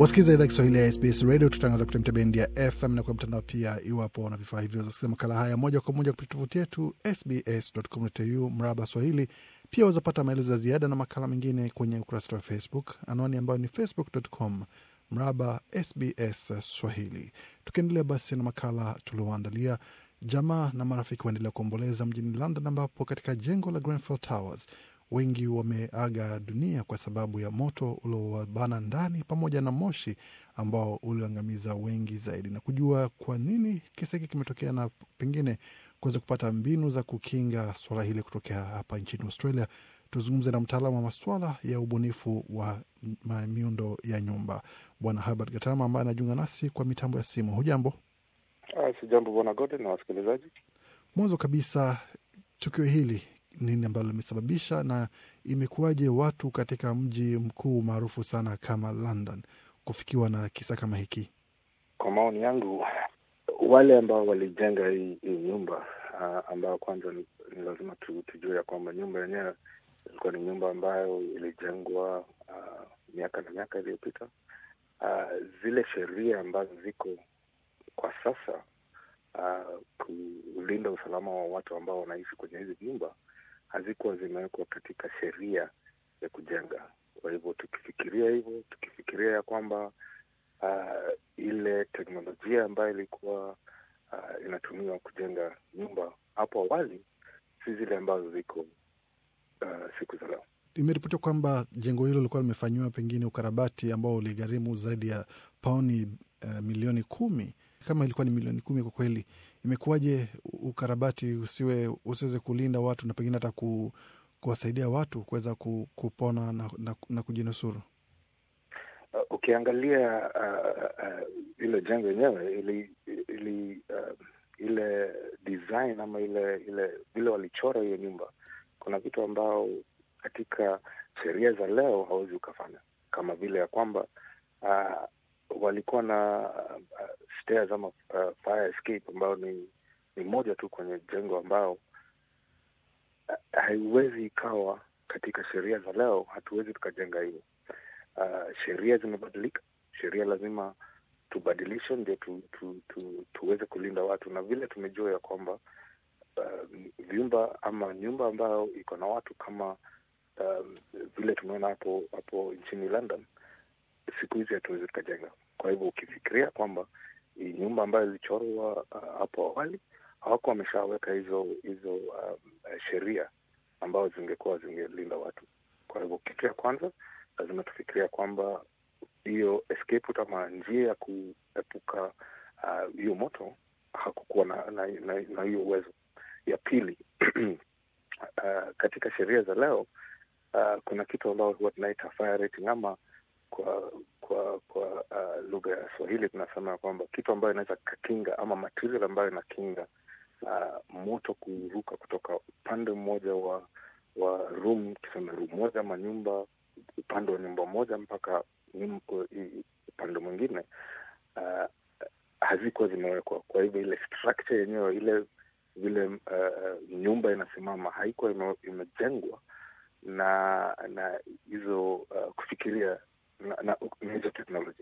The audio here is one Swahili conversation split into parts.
Wasikiza idhaa Kiswahili ya SBS Radio, tutangaza kupitia mitabendi ya FM na kwa mtandao pia. Iwapo na vifaa hivyo, wasikiza makala haya moja kwa moja kupitia tovuti yetu sbs.com.au mraba Swahili. Pia wazapata maelezo ya ziada na makala mengine kwenye ukurasa wa Facebook, anwani ambayo ni facebook.com mraba SBS Swahili. Tukiendelea basi na makala tulioandalia, jamaa na marafiki waendelea kuomboleza mjini London, ambapo katika jengo la Grenfell Towers wengi wameaga dunia kwa sababu ya moto uliowabana ndani pamoja na moshi ambao uliangamiza wengi zaidi. Na kujua kwa nini kisa hiki kimetokea na pengine kuweza kupata mbinu za kukinga swala hili kutokea hapa nchini Australia, tuzungumze na mtaalamu wa maswala ya ubunifu wa miundo ya nyumba, Bwana Herbert Gatama ambaye anajiunga nasi kwa mitambo ya simu. Hujambo? Ah, jambo Bwana Gode na wasikilizaji. Mwanzo kabisa tukio hili nini ambalo limesababisha na imekuwaje watu katika mji mkuu maarufu sana kama London kufikiwa na kisa kama hiki? Kwa maoni yangu, wale ambao walijenga hii, hii nyumba uh, ah, ambayo kwanza ni, ni lazima tu, tujue ya kwamba nyumba yenyewe ilikuwa ni nyumba ambayo ilijengwa uh, miaka na miaka iliyopita. Uh, zile sheria ambazo ziko kwa sasa uh, kulinda usalama wa watu ambao wanaishi kwenye hizi nyumba hazikuwa zimewekwa katika sheria ya kujenga. Kwa hivyo tukifikiria hivyo, tukifikiria ya kwamba uh, ile teknolojia ambayo ilikuwa uh, inatumiwa kujenga nyumba hapo awali si zile ambazo ziko uh, siku za leo. Imeripotiwa kwamba jengo hilo lilikuwa limefanyiwa pengine ukarabati ambao uligharimu zaidi ya pauni uh, milioni kumi. Kama ilikuwa ni milioni kumi, kwa kweli imekuwaje ukarabati usiwe usiweze kulinda watu na pengine hata ku, kuwasaidia watu kuweza kupona na, na, na kujinusuru? Ukiangalia uh, uh, ile jengo yenyewe ili, ili, uh, ile design ama ile ile vile walichora hiyo nyumba, kuna vitu ambao katika sheria za leo hawezi ukafanya, kama vile ya kwamba uh, walikuwa na uh, stairs ama uh, fire escape ambayo ni ni moja tu kwenye jengo ambao uh, haiwezi ikawa katika sheria za leo, hatuwezi tukajenga hiyo Uh, sheria zimebadilika, sheria lazima tubadilishe ndio tu, tu, tu, tuweze kulinda watu, na vile tumejua ya kwamba uh, vyumba ama nyumba ambayo iko na watu kama um, vile tumeona hapo hapo nchini London, siku hizi hatuwezi tukajenga. Kwa hivyo ukifikiria kwamba nyumba ambayo ilichorwa uh, hapo uh, awali hawako wameshaweka hizo hizo um, sheria ambazo zingekuwa zingelinda watu. Kwa hivyo kitu ya kwanza lazima tufikiria kwamba hiyo escape ama njia ya kuepuka uh, hiyo uh, moto hakukuwa na hiyo na, uwezo. Ya pili uh, katika sheria za leo uh, kuna kitu ambayo huwa tunaita fire rating ama kwa kwa kwa uh, lugha ya Swahili tunasema kwamba kitu ambayo inaweza kakinga ama material ambayo inakinga uh, moto kuruka kutoka upande mmoja wa wa room, tuseme room moja ama nyumba, upande wa nyumba moja mpaka upande mwingine uh, hazikuwa zimewekwa. Kwa hivyo ile structure yenyewe ile vile uh, nyumba inasimama haikuwa imejengwa na na hizo uh, kufikiria na, na, na hizo teknoloji.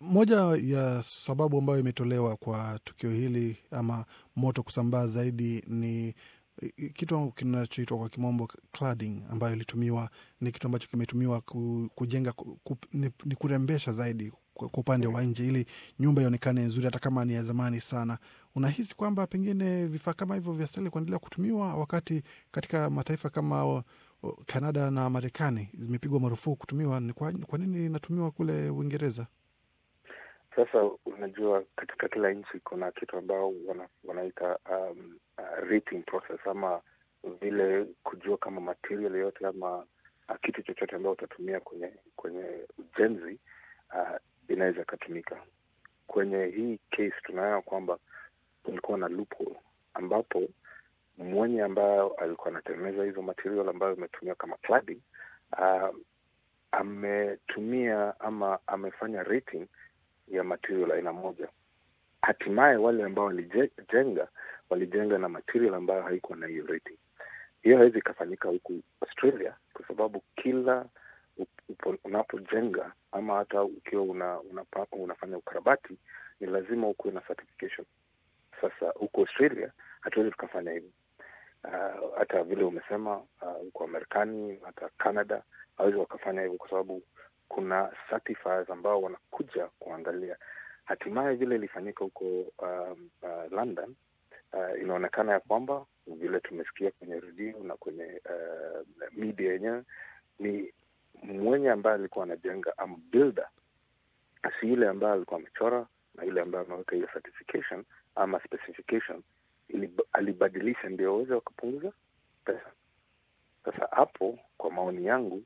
Moja ya sababu ambayo imetolewa kwa tukio hili ama moto kusambaa zaidi ni kitu kinachoitwa kwa kimombo cladding, ambayo ilitumiwa ni kitu ambacho kimetumiwa kujenga ku, ni, ni kurembesha zaidi kwa upande wa nje ili nyumba ionekane nzuri hata kama ni ya zamani sana. Unahisi kwamba pengine vifaa kama hivyo vyastahili kuendelea kutumiwa wakati katika mataifa kama Kanada na Marekani zimepigwa marufuku kutumiwa, ni kwa, kwa nini inatumiwa kule Uingereza? Sasa unajua, katika kila nchi kuna kitu ambao wana, wanaita um, uh, rating process ama vile kujua kama material yote ama uh, kitu chochote ambao utatumia kwenye kwenye ujenzi uh, inaweza ikatumika. Kwenye hii case tunaona kwamba kulikuwa na loophole ambapo mwenye ambayo alikuwa anatengeneza hizo material ambayo imetumiwa kama cladding uh, ametumia ama amefanya rating ya material aina moja. Hatimaye wale ambao walijenga walijenga na material ambayo haikuwa na hiyo rating. Hiyo hawezi ikafanyika huku Australia kwa sababu kila unapojenga ama hata ukiwa una, una, unafanya ukarabati ni lazima ukuwe na certification. Sasa huku Australia hatuwezi tukafanya hivi. Uh, hata vile umesema uh, kwa Marekani hata Canada hawezi wakafanya hivyo, kwa sababu kuna certifiers ambao wanakuja kuangalia. Hatimaye vile ilifanyika huko uh, uh, London uh, inaonekana ya kwamba vile tumesikia kwenye redio na kwenye uh, media yenyewe ni mwenye ambaye alikuwa anajenga ama um, builder, si yule ambaye alikuwa amechora na yule ambaye ameweka hiyo certification ama specification alibadilisha ndio waweza wakapunguza pesa. Sasa hapo kwa maoni yangu,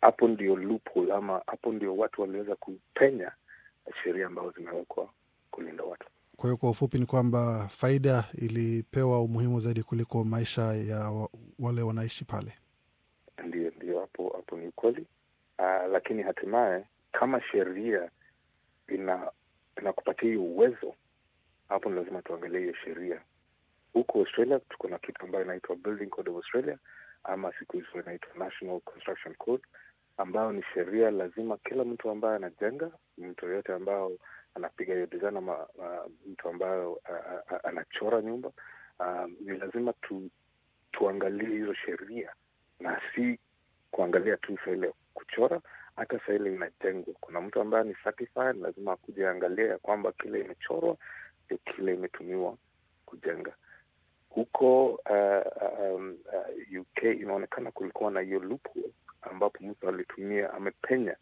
hapo ndio loophole ama hapo ndio watu waliweza kupenya sheria ambazo zimewekwa kulinda watu. Kwa hiyo kwa ufupi ni kwamba faida ilipewa umuhimu zaidi kuliko maisha ya wale wanaishi pale. Ndio, ndio, hapo hapo ni ukweli. Uh, lakini hatimaye kama sheria ina inakupatia hiyo uwezo, hapo ni lazima tuangalie hiyo sheria huko Australia tuko na kitu ambayo inaitwa Building Code of Australia ama siku hizo inaitwa National Construction Code, ambayo ni sheria lazima kila mtu ambaye anajenga, mtu yoyote ambao anapiga hiyo design ama uh, mtu ambayo uh, uh, anachora nyumba um, ni lazima tu, tuangalie hizo sheria na si kuangalia tu saa ile kuchora, hata saa ile inajengwa. Kuna mtu ambaye ni certified, lazima akuja angalia ya kwamba kile imechorwa ndio kile imetumiwa kujenga huko uh, um, uh, UK inaonekana kulikuwa na hiyo lupu ambapo mtu alitumia amepenya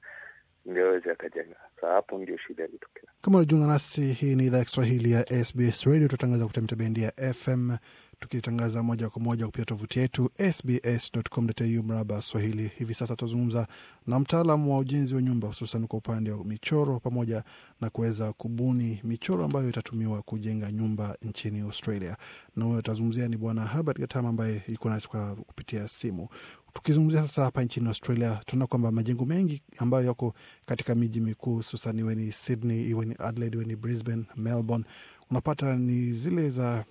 ndio aweze akajenga. Sa hapo ndio shida ilitokea. Kama unajiunga nasi, hii ni idhaa ya Kiswahili ya SBS Radio, tutatangaza kupitia ya FM tukitangaza moja kwa moja kupitia tovuti yetu sbs.com.au mraba Swahili. Hivi sasa tunazungumza na mtaalamu wa ujenzi wa nyumba, hususan kwa upande wa michoro pamoja na kuweza kubuni michoro ambayo itatumiwa kujenga nyumba nchini Australia, na huyo atazungumzia ni Bwana Herbert Gatama ambaye iko nasi kupitia simu. Tukizungumzia sasa hapa nchini Australia, tunaona kwamba majengo mengi ambayo yako katika miji mikuu hususan, iwe ni Sydney, iwe ni Adelaide, iwe ni Brisbane, Melbourne unapata ni zile za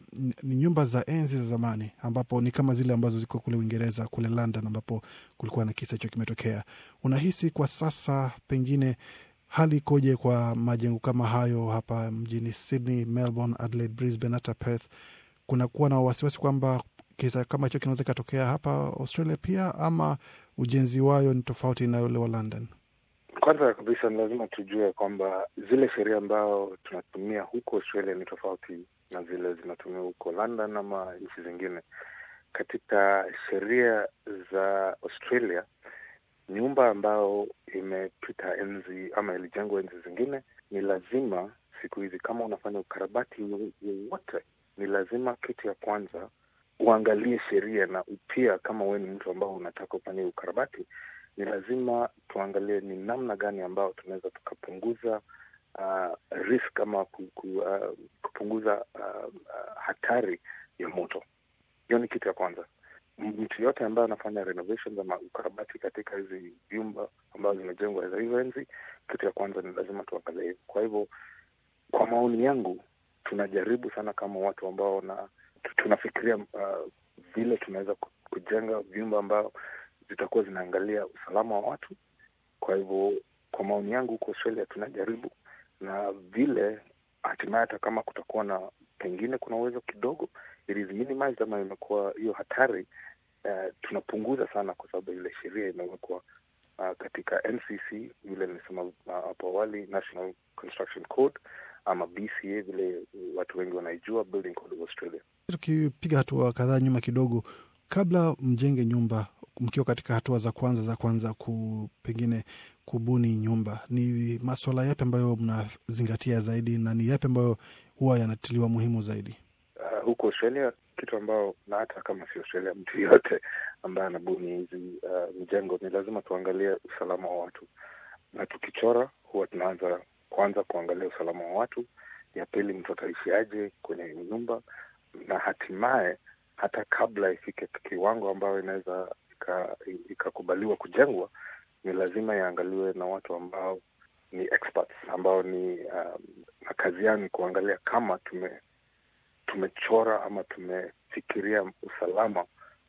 ni nyumba za enzi za zamani, ambapo ni kama zile ambazo ziko kule Uingereza, kule London, ambapo kulikuwa na kisa hicho kimetokea. Unahisi kwa sasa pengine hali ikoje kwa majengo kama hayo hapa mjini Sydney, Melbourne, Adelaide, Brisbane hata Perth? Kunakuwa na wasiwasi kwamba kisa kama hicho kinaweza kikatokea hapa Australia pia, ama ujenzi wayo ni tofauti na ule wa London? Kwanza kabisa ni lazima tujue kwamba zile sheria ambayo tunatumia huko Australia ni tofauti na zile zinatumia huko London ama nchi zingine. Katika sheria za Australia, nyumba ambayo imepita enzi ama ilijengwa enzi zingine, ni lazima siku hizi, kama unafanya ukarabati wowote, ni lazima kitu ya kwanza uangalie sheria na upia, kama wewe ni mtu ambao unataka ufanye ukarabati ni lazima tuangalie ni namna gani ambayo tunaweza tukapunguza uh, risk ama uh, kupunguza uh, uh, hatari ya moto. Hiyo ni kitu ya kwanza. Mtu yote ambaye anafanya renovations ama ukarabati katika hizi vyumba ambazo zimejengwa za hizo enzi, kitu ya kwanza ni lazima tuangalie hivo. Kwa hivyo, kwa maoni yangu, tunajaribu sana kama watu ambao na tunafikiria uh, vile tunaweza kujenga vyumba ambao zitakuwa zinaangalia usalama wa watu. Kwa hivyo, kwa maoni yangu, huko Australia tunajaribu na vile, hatimaye hata kama kutakuwa na pengine kuna uwezo kidogo it is minimized, ama imekuwa hiyo hatari uh, tunapunguza sana, kwa sababu ile sheria imewekwa uh, katika NCC vile nimesema ah, hapo uh, awali, National Construction Code ama BCA vile watu wengi wanaijua, Building Code of Australia. Tukipiga hatua kadhaa nyuma kidogo, kabla mjenge nyumba mkiwa katika hatua za kwanza za kwanza ku, pengine kubuni nyumba, ni maswala yapi ambayo mnazingatia zaidi na ni yapi ambayo huwa yanatiliwa muhimu zaidi? Uh, huko Australia kitu ambao na hata kama si Australia, mtu yote ambaye anabuni hizi uh, ah, mjengo ni lazima tuangalie usalama wa watu, na tukichora huwa tunaanza kwanza kuangalia usalama wa watu, ya pili mtu ataishiaje kwenye nyumba, na hatimaye hata kabla ifike kiwango ambayo inaweza ikakubaliwa ika kujengwa, ni lazima yaangaliwe na watu ambao ni experts, ambao ni um, kazi yao ni kuangalia kama tume tumechora ama tumefikiria usalama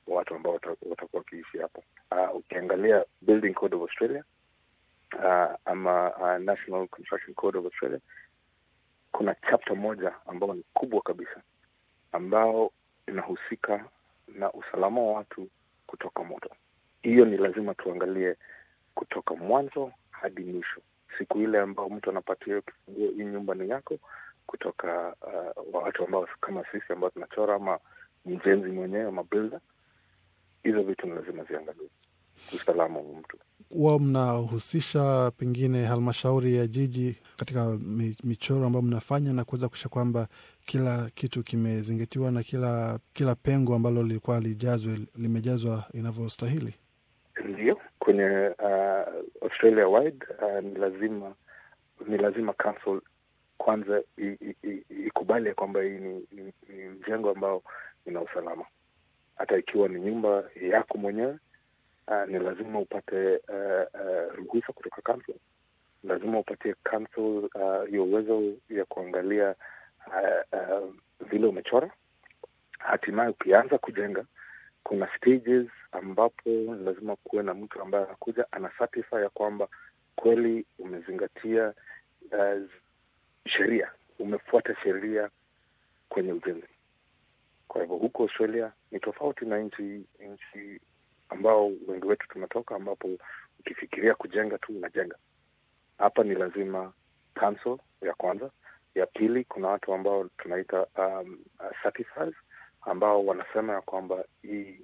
wa watu ambao watakuwa wakiishi hapo. Uh, ukiangalia Building Code of Australia uh, ama uh, National Construction Code of Australia, kuna chapta moja ambao ni kubwa kabisa ambao inahusika na usalama wa watu kutoka moto. Hiyo ni lazima tuangalie kutoka mwanzo hadi mwisho. Siku ile ambao mtu anapatia kifunguo, hii nyumba ni yako, kutoka uh, watu ambao kama sisi ambao tunachora ama mjenzi mwenyewe ama builder, hizo vitu ni lazima ziangalie usalama wa mtu. Huwa mnahusisha pengine halmashauri ya jiji katika michoro ambayo mnafanya na kuweza kuisha kwamba kila kitu kimezingatiwa na kila kila pengo ambalo lilikuwa lijazwe limejazwa inavyostahili? Ndio, kwenye uh, Australia wide uh, ni lazima ni lazima council kwanza ikubali ya kwamba hii ni, ni, ni mjengo ambao ina usalama. Hata ikiwa ni nyumba yako mwenyewe uh, ni lazima upate uh, uh, ruhusa kutoka council, lazima upatie council uh, hiyo uh, uwezo ya kuangalia uh, vile umechora. Hatimaye ukianza kujenga, kuna stages ambapo lazima kuwe na mtu ambaye anakuja ana ya kwamba kweli umezingatia uh, sheria, umefuata sheria kwenye ujenzi. Kwa hivyo huko Australia ni tofauti na nchi nchi ambao wengi wetu tumetoka, ambapo ukifikiria kujenga tu unajenga. Hapa ni lazima council ya kwanza ya pili, kuna watu ambao tunaita um, certifiers, uh, ambao wanasema ya kwamba hii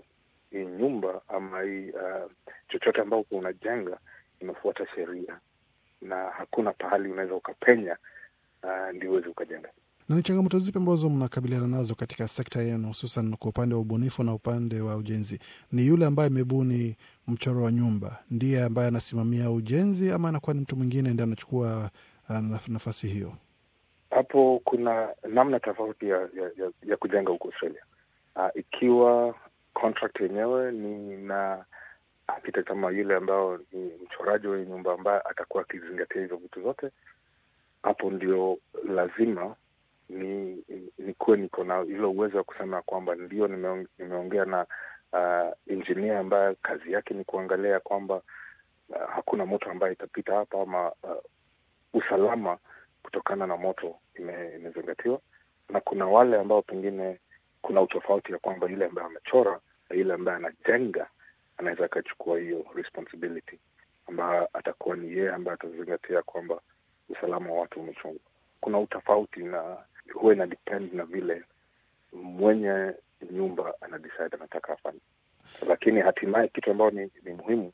hii nyumba ama hii uh, chochote ambao unajenga imefuata sheria na hakuna pahali unaweza ukapenya uh, ndio uweze ukajenga. Na ni changamoto zipi ambazo mnakabiliana nazo katika sekta yenu, hususan kwa upande wa ubunifu na upande wa ujenzi? Ni yule ambaye amebuni mchoro wa nyumba ndiye ambaye anasimamia ujenzi, ama anakuwa ni mtu mwingine ndi anachukua uh, nafasi hiyo? hapo kuna namna tofauti ya, ya, ya, ya kujenga huko Australia. Uh, ikiwa contract yenyewe ni na apita kama yule ambao ni mchoraji wenye nyumba ambaye atakuwa akizingatia hizo vitu zote, hapo ndio lazima ni nikuwe niko na ilo uwezo wa kusema kwamba ndio nimeongea na uh, ah, injinia ambaye kazi yake ni kuangalia kwamba uh, hakuna moto ambaye itapita hapa ama uh, usalama kutokana na moto imezingatiwa, na kuna wale ambao pengine kuna utofauti ya kwamba yule ambaye amechora na yule ambaye anajenga anaweza akachukua hiyo responsibility, ambayo atakuwa ni yeye ambaye atazingatia kwamba usalama wa watu umechungwa. Kuna utofauti na huwa ina depend na vile mwenye nyumba ana decide anataka afanye, lakini hatimaye kitu ambayo ni, ni muhimu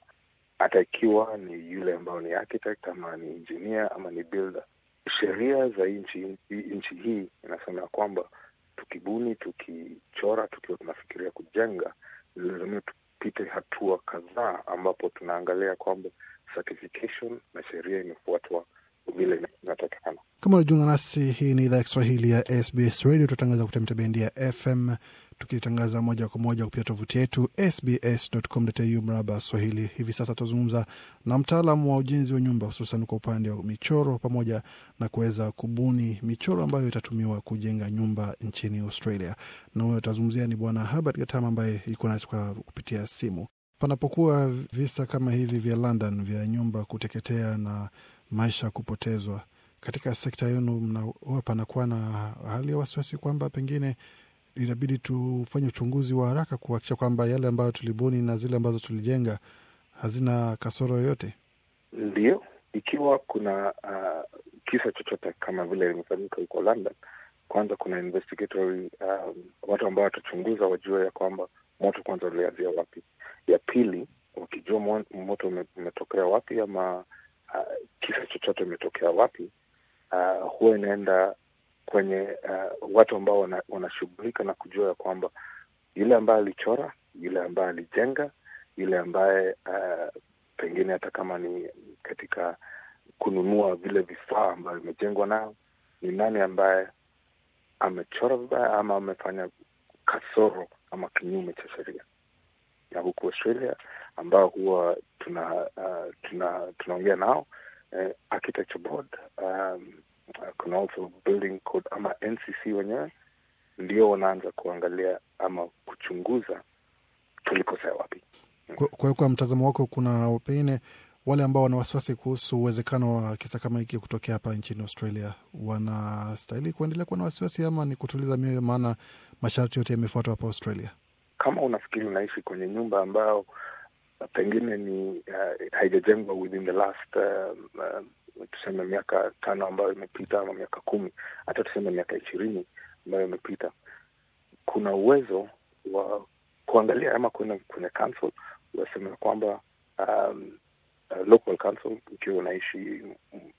hata ikiwa ni yule ambayo ni architect ama ni engineer ama ni builder, sheria za nchi nchi hii inasema ya kwamba tukibuni, tukichora, tukiwa tunafikiria kujenga, lazima tupite hatua kadhaa, ambapo tunaangalia kwamba certification na sheria imefuatwa vile inatakikana. Kama unajiunga nasi, hii ni idhaa ya Kiswahili ya SBS Radio. Tutatangaza kupitia mitabendi ya FM, tukitangaza moja kwa moja kupitia tovuti yetu sbs.com.au mraba swahili. Hivi sasa tunazungumza na mtaalamu wa ujenzi wa nyumba, hususan kwa upande wa michoro pamoja na kuweza kubuni michoro ambayo itatumiwa kujenga nyumba nchini Australia, na huyo atazungumzia ni Bwana Herbert Gatama ambaye iko nasi kwa kupitia simu. Panapokuwa visa kama hivi vya London vya nyumba kuteketea na maisha kupotezwa katika sekta yenu, huwa panakuwa na hali ya wasiwasi kwamba pengine inabidi tufanye uchunguzi wa haraka kuhakikisha kwamba yale ambayo tulibuni na zile ambazo tulijenga hazina kasoro yoyote? ndio ikiwa kuna uh, kisa chochote kama vile limefanyika huko London, kwanza kuna investigatory um, ah, watu ambao watachunguza wajue ya kwamba moto kwanza ulianzia wapi. Ya pili, wakijua moto umetokea wapi ama uh, kisa chochote imetokea wapi, uh, huwa inaenda kwenye uh, watu ambao wanashughulika na kujua ya kwamba yule ambaye alichora, yule ambaye alijenga, yule ambaye uh, pengine hata kama ni katika kununua vile vifaa ambavyo vimejengwa nao, ni nani ambaye amechora vibaya ama amefanya kasoro ama kinyume cha sheria. Na huku Australia ambao huwa tuna uh, tuna tunaongea nao uh, architecture board um, kuna also building code ama NCC wenyewe ndio wanaanza kuangalia ama kuchunguza tulikosea wapi. Kwa hiyo kwa mtazamo wako, kuna pengine wale ambao wana wasiwasi kuhusu uwezekano wa kisa kama hiki kutokea hapa nchini Australia wanastahili kuendelea kuwa na wasiwasi ama ni kutuliza mioyo, maana masharti yote yamefuatwa hapa Australia? Kama unafikiri unaishi kwenye nyumba ambayo pengine ni uh, haijajengwa within the last um, um, tuseme miaka tano ambayo imepita ama miaka kumi hata tuseme miaka ishirini ambayo imepita. Kuna uwezo wa kuangalia ama kuenda kwenye council wasema kwamba um, Uh, local council ukiwa unaishi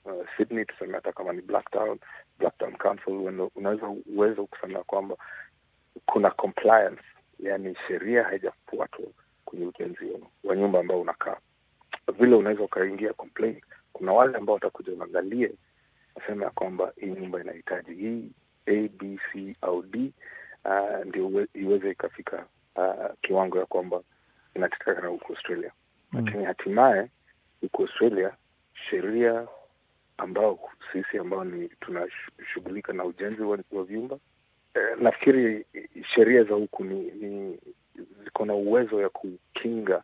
uh, Sydney tuseme hata kama ni Blacktown, Blacktown Council, unaweza uwezo kusema kwamba kuna compliance, yani sheria haijafuatwa kwenye ujenzi wa nyumba ambao unakaa. Vile unaweza ukaingia complaint, kuna wale ambao watakuja waangalie, nasema ya kwamba hii nyumba inahitaji hii A, B, C au D uh, ndio iweze ikafika uh, kiwango ya kwamba inatetekana huku Australia hmm. lakini mm. hatimaye huku Australia sheria ambao sisi ambao ni tunashughulika na ujenzi wa, wa vyumba eh, nafikiri sheria za huku ni, ni ziko na uwezo ya kukinga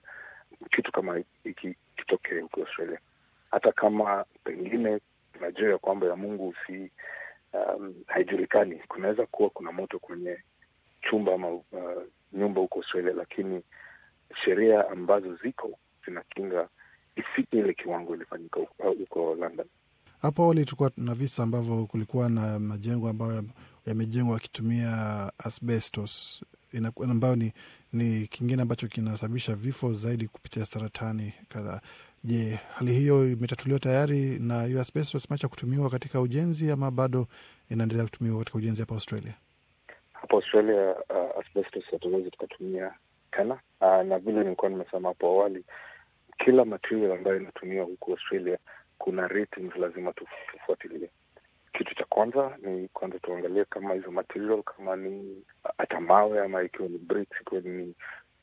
kitu kama hiki kitokee huko Australia, hata kama pengine najua ya kwamba ya Mungu si um, haijulikani. Kunaweza kuwa kuna moto kwenye chumba ama uh, nyumba huko Australia, lakini sheria ambazo ziko zinakinga isiki ile kiwango ilifanyika uh, huko London. Hapo awali tulikuwa na visa ambavyo kulikuwa na majengo ambayo yamejengwa yakitumia asbestos ambayo ni, ni kingine ambacho kinasababisha vifo zaidi kupitia saratani kadhaa. Je, hali hiyo imetatuliwa tayari na hiyo asbestos imeacha kutumiwa katika ujenzi ama bado inaendelea kutumiwa katika ujenzi hapa Australia? Hapa Australia uh, asbestos hatuwezi tukatumia tena uh, na vile nilikuwa nimesema hapo awali, kila material ambayo inatumiwa huku Australia kuna ratings lazima tufuatilie. Kitu cha kwanza ni kwanza tuangalie kama hizo material kama ni uh, hata mawe ama ikiwa ni bricks, ikiwa ni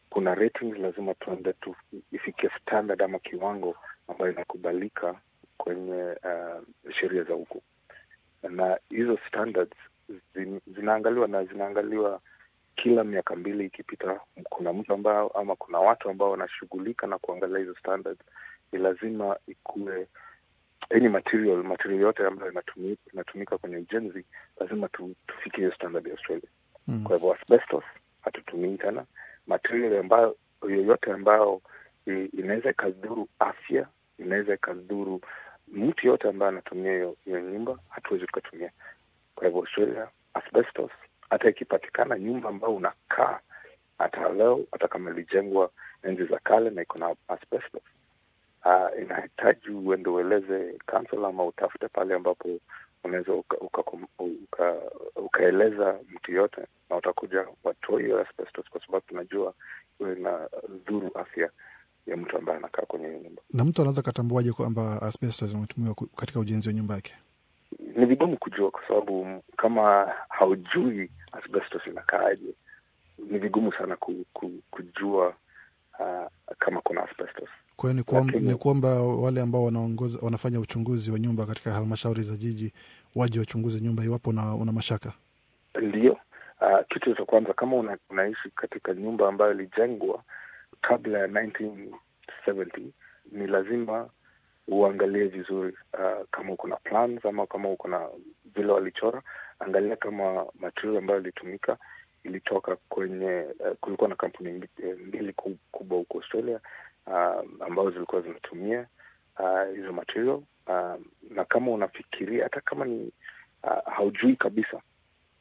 kuna ratings, lazima tuende tu ifikie standard ama kiwango ambayo inakubalika kwenye uh, sheria za huku, na hizo standards zin, zinaangaliwa na zinaangaliwa kila miaka mbili ikipita, kuna mtu ambao ama kuna watu ambao wanashughulika na kuangalia hizo standards, ni lazima ikuwe any material material yote ambayo inatumika, kwenye ujenzi lazima tu, tufikie standard ya Australia. Mm. Kwa hivyo asbestos hatutumii tena, material ambayo yoyote ambayo inaweza ikadhuru afya, inaweza ikadhuru mtu yote ambayo anatumia hiyo nyumba, hatuwezi tukatumia. Kwa hivyo Australia, asbestos hata ikipatikana nyumba ambayo unakaa hata leo, hata kama ilijengwa enzi za kale na iko na asbestos uh, inahitaji uende ueleze kansela ama utafute pale ambapo unaweza ukaeleza uka, uka, uka mtu yote na utakuja watoe hiyo asbestos, kwa sababu tunajua hiyo ina dhuru afya ya mtu ambaye anakaa kwenye hiyo nyumba. Na mtu anaweza katambuaje kwamba asbestos imetumiwa katika ujenzi wa nyumba yake? Ni vigumu kujua, kwa sababu kama haujui asbestos inakaaje, ni vigumu sana ku, ku, kujua uh, kama kuna asbestos. Kwa hiyo ni kwamba, wale ambao wanaongoza wanafanya uchunguzi wa nyumba katika halmashauri za jiji waje wachunguze nyumba iwapo una, una mashaka. Ndio uh, kitu cha kwanza kama una, unaishi katika nyumba ambayo ilijengwa kabla ya 1970 ni lazima uangalie vizuri uh, kama uko na plans ama kama uko na vile walichora. Angalia kama material ambayo ilitumika ilitoka kwenye uh, kulikuwa na kampuni mbili eh, kubwa huko Australia uh, ambazo zilikuwa zimetumia uh, hizo uh, material uh, na kama unafikiria hata kama ni uh, haujui kabisa,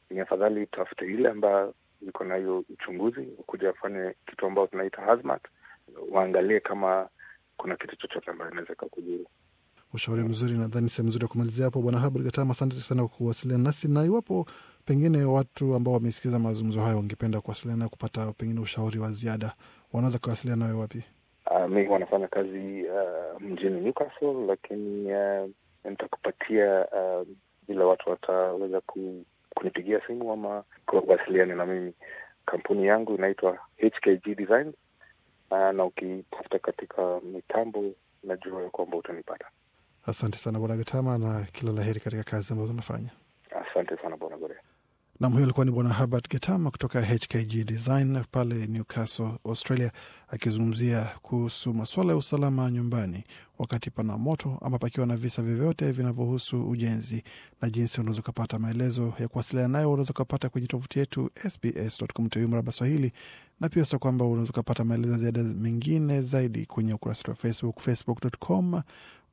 ni afadhali tafute ile ambayo iko na hiyo uchunguzi, kuja afanye kitu ambao tunaita hazmat, waangalie kama kuna kitu chochote ambayo inaweza kakujuru. Ushauri mzuri, nadhani sehemu mzuri ya kumalizia hapo. Bwana Habari Katama, asante sana kwa kuwasiliana nasi, na iwapo pengine watu ambao wamesikiza mazungumzo hayo wangependa kuwasiliana kupata pengine ushauri wa ziada, wanaweza kuwasiliana nawe wapi? Uh, mi wanafanya kazi uh, mjini Newcastle, lakini uh, nitakupatia uh, watu wataweza ku, kunipigia simu ama kuwasiliana na mimi. Kampuni yangu inaitwa HKG Design uh, na ukitafuta katika mitambo najua ya kwamba utanipata. Asante sana Bwana Gatama, na kila la heri katika kazi ambazo unafanya. Asante sana Bwana Gorea. Nam, huyo alikuwa ni bwana Herbert Getama kutoka HKG Design pale Newcastle, Australia, akizungumzia kuhusu masuala ya usalama nyumbani wakati pana moto ama pakiwa na visa vyovyote vinavyohusu ujenzi na jinsi unaweza ukapata maelezo ya kuwasiliana nayo. Unaweza ukapata kwenye tovuti yetu sbs.com.au mraba Swahili, na pia sa kwamba unaweza ukapata maelezo ya ziada mengine zaidi kwenye ukurasa wetu wa Facebook, facebook.com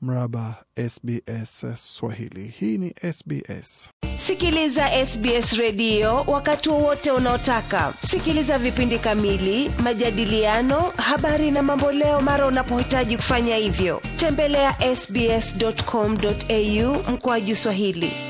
mraba SBS Swahili. Hii ni SBS. Sikiliza SBS redio wakati wowote unaotaka. Sikiliza vipindi kamili, majadiliano, habari na mamboleo mara unapohitaji kufanya hivyo. Tembelea ya sbs.com.au mkoaji Swahili.